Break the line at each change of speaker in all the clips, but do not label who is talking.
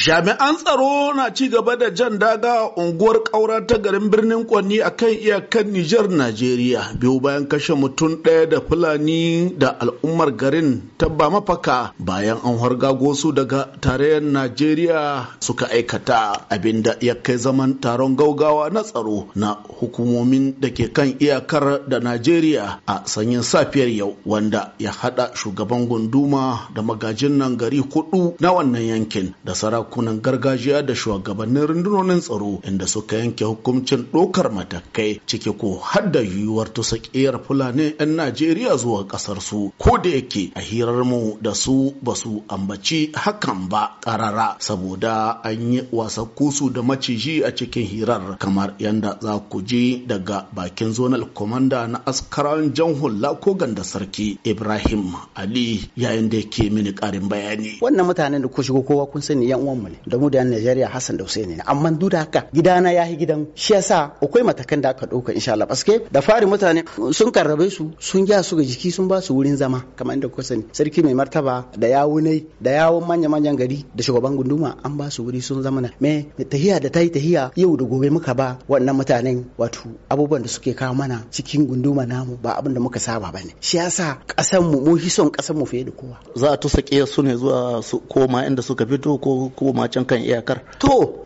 Jami'an tsaro na ci gaba da jan daga unguwar ƙaura ta garin birnin Kwanni a kan iyakar Nijar Najeriya biyu bayan kashe mutum ɗaya da Fulani da al'ummar garin ta ba mafaka bayan an hargago su daga tarayyar Najeriya suka aikata abinda ya kai zaman taron gaugawa na tsaro na hukumomin da ke kan iyakar da Najeriya a sanyin safiyar yau wanda ya haɗa shugaban gunduma da magajin nan gari kuɗu na wannan yankin da sarakuna sarakunan gargajiya da shugabannin rundunonin tsaro inda suka yanke hukuncin ɗaukar matakai ciki ko har da yiwuwar tusa ƙiyar fulani 'yan najeriya zuwa ƙasar su ko da yake a hirar mu da su ba su ambaci hakan ba karara. saboda an yi wasa kusu da maciji a cikin hirar kamar yadda za ku ji daga bakin zonal komanda na askaran jan hula ko ganda sarki ibrahim ali yayin da yake mini ƙarin bayani
wannan mutanen da ku shigo kowa kun sani yan uwan mu ne da mu da Najeriya Hassan da Hussein ne amma duk da haka gidana yahi gidan shi yasa akwai matakan da aka dauka insha Allah paske da fari mutane sun karrabe su sun ja su ga jiki sun ba su wurin zama kamar inda kuka sani sarki mai martaba da yawunai da yawun manya-manyan gari da shugaban gunduma an ba su wuri sun zama me tahiya da tayi tahiya yau da gobe muka ba wannan mutanen wato abubuwan da suke kawo mana cikin gunduma namu ba abin da muka saba bane shi yasa kasan mu mu hison kasan mu fiye da kowa za a tusa su ne zuwa su koma inda suka fito ko koma can kan iyakar to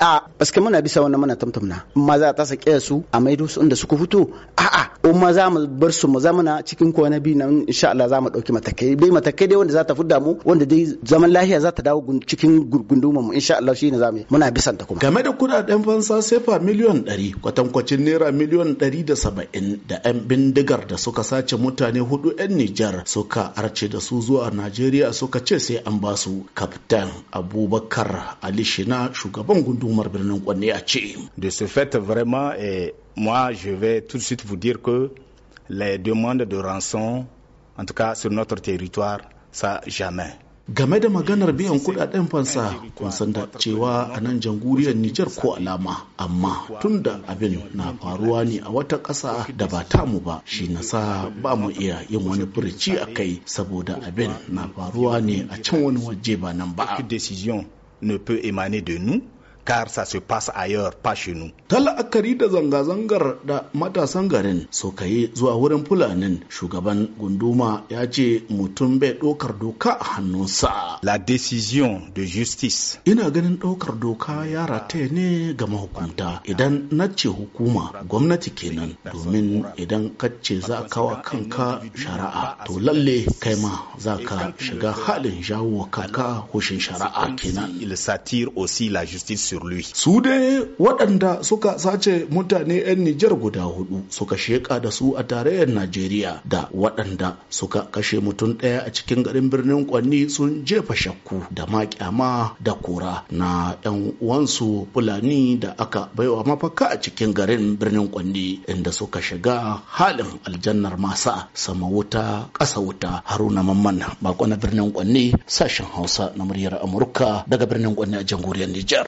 a paske muna bisa wannan muna tamtamna amma za ta sake su a maido su inda suka fito a'a in ma za mu bar su mu zamana cikin kwana biyu nan insha Allah za mu dauki matakai bai matakai dai wanda za ta fudda mu wanda dai zaman lafiya za ta dawo cikin gunduma mu insha Allah shine za mu muna bisa
ta kuma game da kudaden fansa sefa miliyon 100 kwatankwacin naira miliyon 170 da yan bindigar da suka sace mutane hudu yan Nijar suka arce da su zuwa Najeriya suka ce sai an ba su kaftan Abubakar Ali Shina shugaban gundu gundumar birnin kwanne a de ce fait vraiment et moi je vais tout de suite vous dire que les demandes de rançon en tout cas sur notre territoire ça jamais game da maganar biyan kudaden fansa kun san da cewa a nan jamhuriyar Nijar ko alama amma tunda abin na faruwa ne a wata ƙasa da ba tamu ba shi sa ba mu iya yin wani furici a saboda abin na faruwa ne a can wani waje ba nan ba decision ne peut émaner de nous car ça se passe ailleurs pas chez nous ta la'akari da zanga-zangar da matasan garin suka yi zuwa wurin fulanin shugaban gunduma ya ce mutum bai ɗaukar doka a hannunsa la décision de justice ina ganin ɗaukar doka ya rataya ne ga mahukunta idan na ce hukuma gwamnati kenan domin idan ka ce za kawa kanka shari'a to lalle kai ma za ka shiga halin jawo kanka hushin shari'a kenan il satire aussi la justice sur su dai waɗanda suka sace mutane 'yan Nijar guda hudu suka sheƙa da su a tarayyar Najeriya da waɗanda suka kashe mutum ɗaya a cikin garin birnin Kwanni sun jefa shakku da makyama da kura na 'yan uwansu Fulani da aka baiwa mafaka a cikin garin birnin Kwanni inda suka shiga halin aljannar masa sama wuta ƙasa wuta Haruna Mamman bako na birnin Kwanni sashen Hausa na muryar Amurka daga birnin Kwanni a jamhuriyar Nijar.